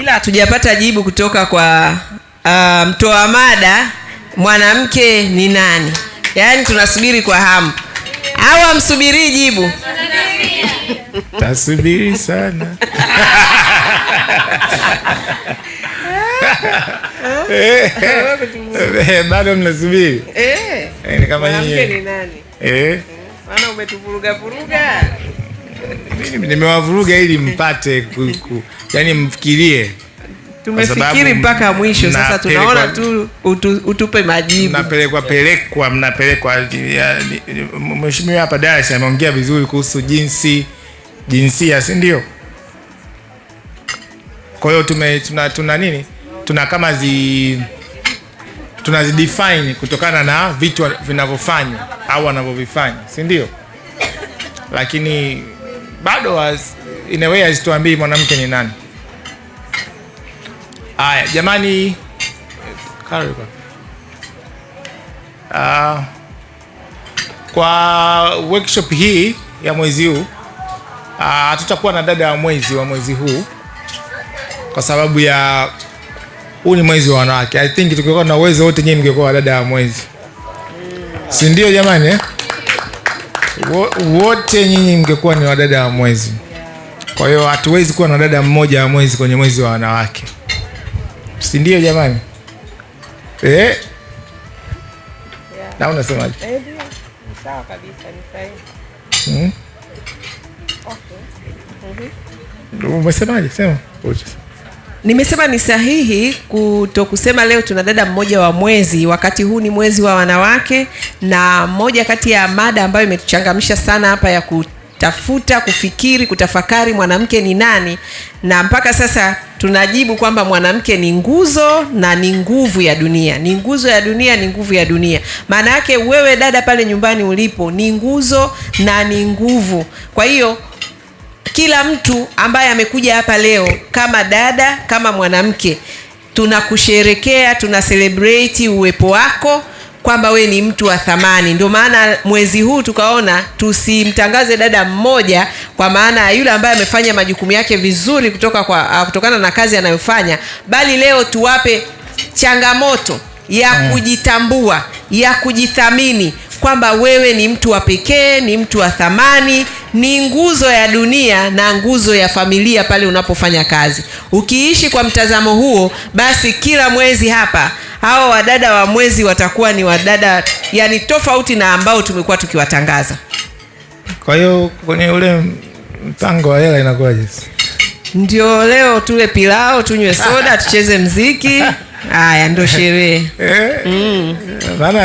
ila hatujapata jibu kutoka kwa uh, mtoa mada, mwanamke ni nani? Yaani tunasubiri kwa hamu au amsubirii jibu? Tasubiri sana eh, bado mnasubiri eh, eh, kama nyinyi, maana umetuvuruga vuruga nimewavuruga ili mpate yani mfikirie tumefikiri mpaka mwisho. Sasa tunaona tu utu, utupe majibu. Mnapelekwa pelekwa mnapelekwa. Mheshimiwa hapa Dallas ameongea vizuri kuhusu jinsi jinsia, si ndio? Kwa hiyo tume tuna, tuna nini tuna kama zi tunazidefine kutokana na vitu vinavyofanywa au wanavyovifanya, si ndio? lakini bado in a way mwanamke ni nani. Haya jamani, uh, kwa workshop hii ya mwezi huu ah, hatutakuwa uh, na dada wa mwezi wa mwezi huu kwa sababu ya huu ni mwezi wa wanawake. I think tukikuwa na uwezo wote, nyinyi mngekuwa dada wa mwezi, si ndio jamani eh? wote nyinyi mngekuwa ni wadada wa mwezi. Kwa hiyo hatuwezi kuwa na dada mmoja wa mwezi kwenye mwezi wa wanawake, si ndio jamani? Eh? Na unasemaje? Eh, sawa kabisa, ni sahihi. Hmm? Mm-hmm. Umesemaje? Sema. Nimesema ni sahihi kutokusema leo tuna dada mmoja wa mwezi, wakati huu ni mwezi wa wanawake, na moja kati ya mada ambayo imetuchangamsha sana hapa ya kutafuta, kufikiri, kutafakari mwanamke ni nani, na mpaka sasa tunajibu kwamba mwanamke ni nguzo na ni nguvu ya dunia, ni nguzo ya dunia, ni nguvu ya dunia. Maana yake wewe dada pale nyumbani ulipo ni nguzo na ni nguvu, kwa hiyo kila mtu ambaye amekuja hapa leo kama dada, kama mwanamke, tunakusherekea, tuna celebrate uwepo wako kwamba we ni mtu wa thamani. Ndio maana mwezi huu tukaona tusimtangaze dada mmoja, kwa maana yule ambaye amefanya majukumu yake vizuri kutoka kwa, ah, kutokana na kazi anayofanya, bali leo tuwape changamoto ya mm. kujitambua, ya kujithamini kwamba wewe ni mtu wa pekee, ni mtu wa thamani, ni nguzo ya dunia na nguzo ya familia pale unapofanya kazi. Ukiishi kwa mtazamo huo, basi kila mwezi hapa hao wadada wa mwezi watakuwa ni wadada yani tofauti na ambao tumekuwa tukiwatangaza. Kwa hiyo kwenye ule mpango wa hela inakuwaje? Ndio, leo tule pilao, tunywe soda, tucheze mziki Haya ndo sherehe mm.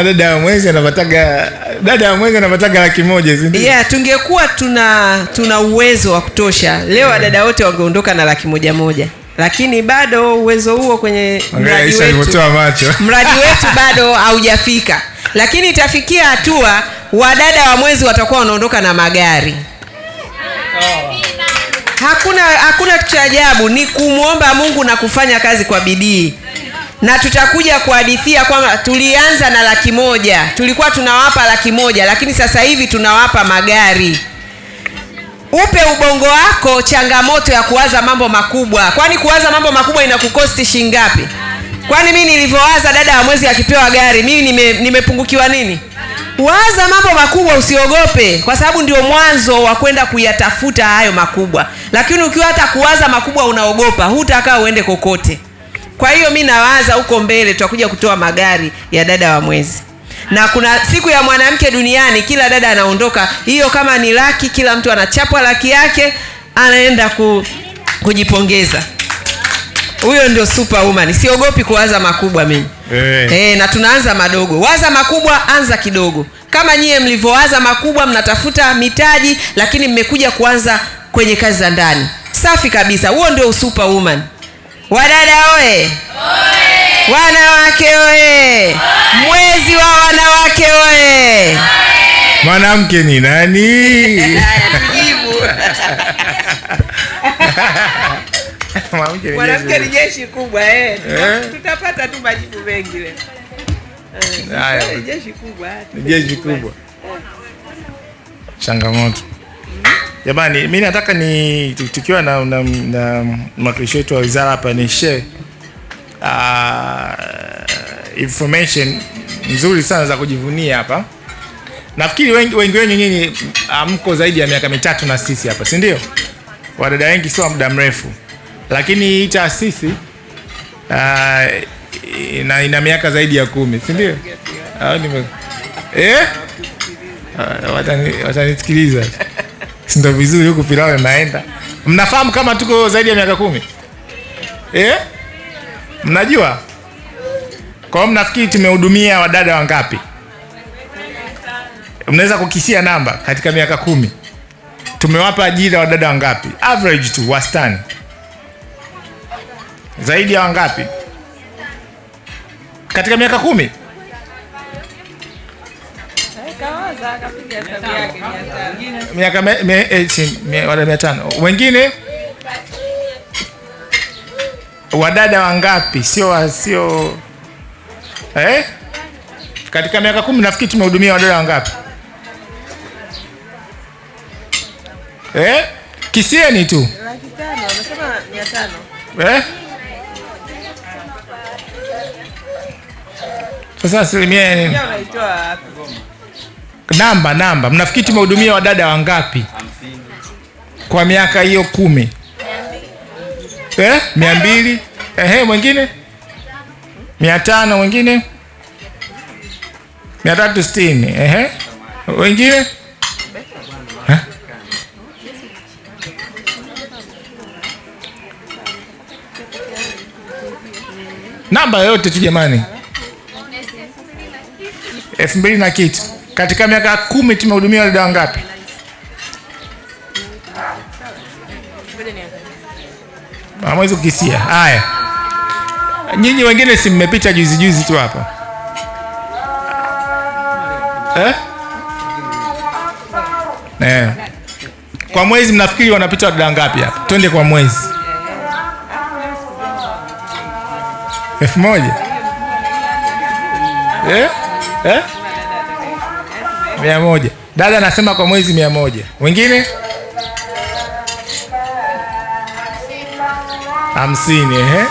dada wa mwezi anapataga dada wa mwezi anapataga laki moja, si ndio? Yeah, tungekuwa tuna tuna uwezo wa kutosha leo yeah. Dada wote wangeondoka na laki moja moja lakini bado uwezo huo kwenye mradi wetu, mradi wetu bado haujafika, lakini itafikia hatua wadada wa mwezi watakuwa wanaondoka na magari oh. Hakuna, hakuna cha ajabu, ni kumwomba Mungu na kufanya kazi kwa bidii na tutakuja kuhadithia kwamba tulianza na laki moja, tulikuwa tunawapa laki moja, lakini sasa hivi tunawapa magari. Upe ubongo wako changamoto ya kuwaza mambo makubwa, kwani kuwaza mambo makubwa inakukosti shingapi? Kwani mimi nilivyowaza dada wa mwezi akipewa gari, mimi nime, nimepungukiwa nini? Waza mambo makubwa, usiogope, kwa sababu ndio mwanzo wa kwenda kuyatafuta hayo makubwa. Lakini ukiwa hata kuwaza makubwa unaogopa, hutakaa uende kokote. Kwa hiyo mi nawaza huko mbele tutakuja kutoa magari ya dada wa mwezi, na kuna siku ya mwanamke duniani, kila dada anaondoka hiyo, kama ni laki, kila mtu anachapwa laki yake, anaenda ku, kujipongeza. Huyo ndio superwoman. Siogopi kuwaza makubwa mimi hey. Eh. Eh, hey, na tunaanza madogo. Waza makubwa, anza kidogo, kama nyie mlivyowaza makubwa, mnatafuta mitaji, lakini mmekuja kuanza kwenye kazi za ndani. Safi kabisa, huo ndio superwoman. Wadada oye! Wanawake oye! Mwezi wa wanawake oye! Mwanamke ni nani? Mwanamke ni jeshi kubwa eh. eh. Tutapata tu majibu mengi leo. Eh, eh, ni jeshi kubwa. Changamoto Jamani, mimi nataka ni tukiwa na, na, na mwakilishi wetu wa wizara hapa ni share uh, information nzuri sana za kujivunia hapa. Nafikiri wengi wengi wenu nyinyi ah, mko zaidi ya miaka mitatu na sisi hapa, si ndio? Wadada wengi sio muda mrefu, lakini hii taasisi uh, ina, ina miaka zaidi ya kumi, si ndio? Eh, watanisikiliza watani sindo ndo vizuri huku pilau inaenda. Mnafahamu kama tuko zaidi ya miaka kumi eh? Mnajua kwa hiyo mnafikiri tumehudumia wadada wangapi? Mnaweza kukisia namba katika miaka kumi tumewapa ajira wadada wangapi? Average tu, wastani. Zaidi ya wangapi katika miaka kumi? miaka eh, mia tano. Wengine wadada wangapi? Sio, sio eh? Katika miaka kumi nafikiri tumehudumia wadada wangapi eh? Kisieni tu eh? Sasa asilimia nini? namba namba, mnafikiri tumehudumia wadada wangapi kwa miaka hiyo kumi? Eh, mia mbili. Ehe, mwingine mia tano, mwingine mia tatu sitini. Ehe, wengine eh? namba yoyote tu jamani, elfu mbili na kitu katika miaka kumi tumehudumia wadada wangapi? Hamwezi kukisia. Haya, nyinyi wengine si mmepita juzi juzi tu hapa eh? Eh. Kwa mwezi mnafikiri wanapita wadada ngapi hapa? Twende kwa mwezi elfu moja eh? Eh? mia moja. Dada anasema kwa mwezi mia moja. Wengine hamsini. Ehe,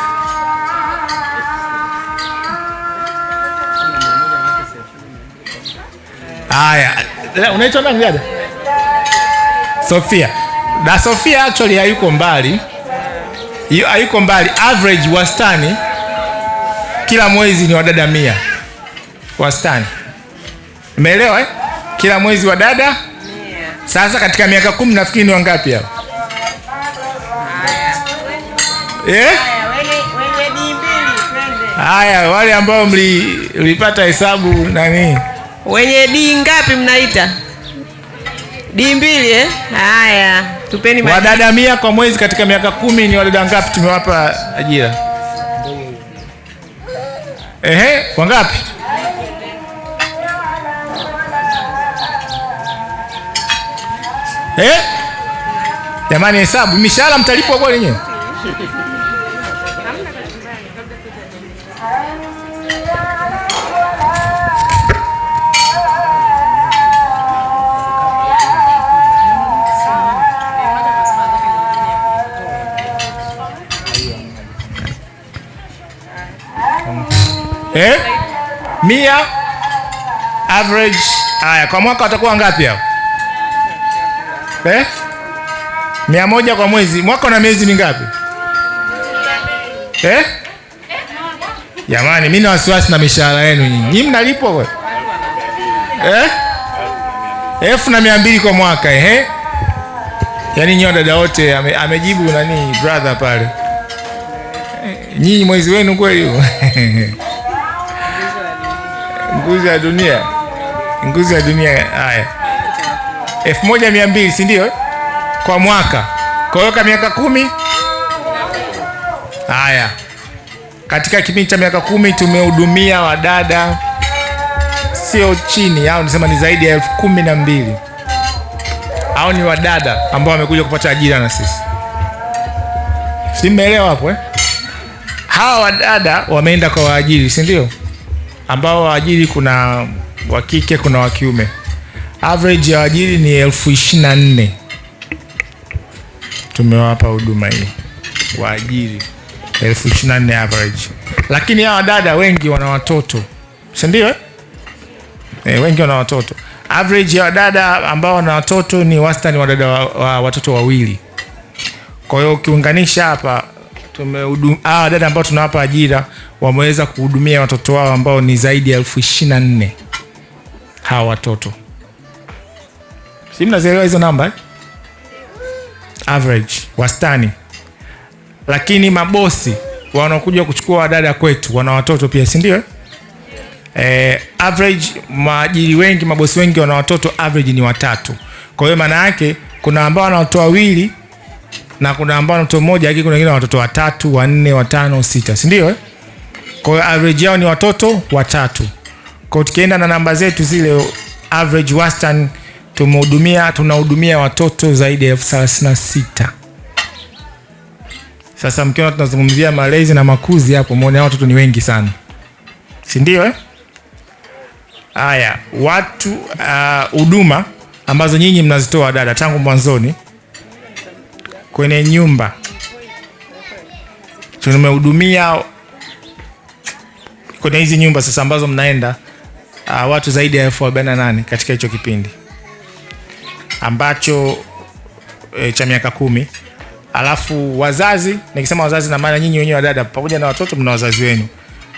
haya, unaitwa nani dada? Sofia. Na Sofia actually hayuko mbali, hayuko mbali. Average wastani kila mwezi ni wadada mia wastani, umeelewa eh? kila mwezi wa dada. Sasa katika miaka kumi nafikiri ni wangapi hao? Haya, eh? wale ambao mlipata hesabu nani? Wenye di ngapi mnaita? Di mbili eh? Haya, tupeni Wadada mia kwa mwezi katika miaka kumi ni wadada ngapi tumewapa ajira? Ehe, wangapi? Eh? Jamani hesabu, mishahara mtalipwa kwa wenyewe. Eh? Mia average haya kwa mwaka watakuwa ngapi hapo? eh? mia moja kwa mwezi, mwaka na miezi mingapi eh? Jamani, mimi na wasiwasi na mishahara yenu nyinyi. Nyinyi mnalipwa wewe? Eh? Elfu na mia mbili kwa mwaka eh? Yaani nyinyi dada wote ame, amejibu nani brother pale. Eh, nyinyi mwezi wenu kweli huo? ya dunia. nguzi ya dunia haya elfu moja mia mbili si ndio? Eh? Kwa mwaka, kwa hiyo kwa miaka kumi. Haya, katika kipindi cha miaka kumi tumehudumia wadada sio chini au nisema ni zaidi ya elfu kumi na mbili au ni wadada ambao wamekuja kupata ajira na sisi, si mmeelewa hapo eh? Hawa wadada wameenda kwa waajiri, si ndio? Ambao waajiri kuna wa kike, kuna wa kiume average ya wajiri ni elfu ishirini na nne tumewapa huduma hii waajiri elfu ishirini na nne average, lakini hawa dada wengi wana watoto, si eh? eh? wengi wana watoto. Average ya wadada ambao wana watoto ni wastani wa dada wa watoto wawili. Kwa hiyo ukiunganisha hapa hawa dada ambao tunawapa ajira wameweza kuhudumia watoto wao ambao ni zaidi ya elfu ishirini na nne hawa watoto si mnazielewa hizo namba eh? Average, wastani. Lakini mabosi wanaokuja kuchukua wadada kwetu wana watoto pia, si ndio? Eh? eh, average maajiri wengi, mabosi wengi wana watoto, average ni watatu. Kwa hiyo maana yake kuna ambao wana watoto wawili na kuna ambao wana mtoto mmoja, lakini kuna wengine wana watoto watatu, wanne, watano, sita, si ndio? Eh? Kwa hiyo average yao ni watoto watatu. Kwa hiyo tukienda na namba zetu zile average, wastani tumehudumia, tunahudumia watoto zaidi ya elfu thelathini na sita. Sasa mkiona tunazungumzia malezi na makuzi hapo, muone watoto ni wengi sana, si ndio eh? Haya, watu uh, huduma uh, ambazo nyinyi mnazitoa dada, tangu mwanzoni kwenye nyumba tumehudumia kwenye hizi nyumba sasa ambazo mnaenda uh, watu zaidi ya elfu arobaini na nane katika hicho kipindi ambacho e, cha miaka kumi. Alafu wazazi, nikisema wazazi na maana nyinyi wenyewe wadada pamoja na watoto, mna wazazi wenu.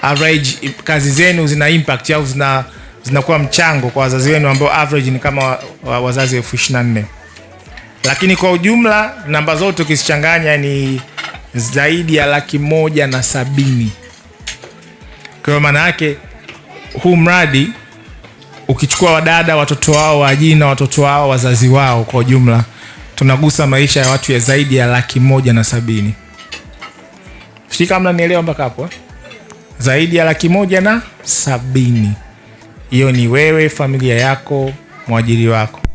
Average kazi zenu zina impact au zina zinakuwa mchango kwa wazazi wenu ambao average ni kama wa, wa, wazazi elfu ishirini na nne lakini kwa ujumla namba zote ukizichanganya ni zaidi ya laki moja na sabini. Kwa maana yake huu mradi ukichukua wadada, watoto wao, waajina watoto wao, wazazi wao, kwa ujumla tunagusa maisha ya watu ya zaidi ya laki moja na sabini. Sijui mpaka hapo eh? Zaidi ya laki moja na sabini. Hiyo ni wewe, familia yako, mwajiri wako.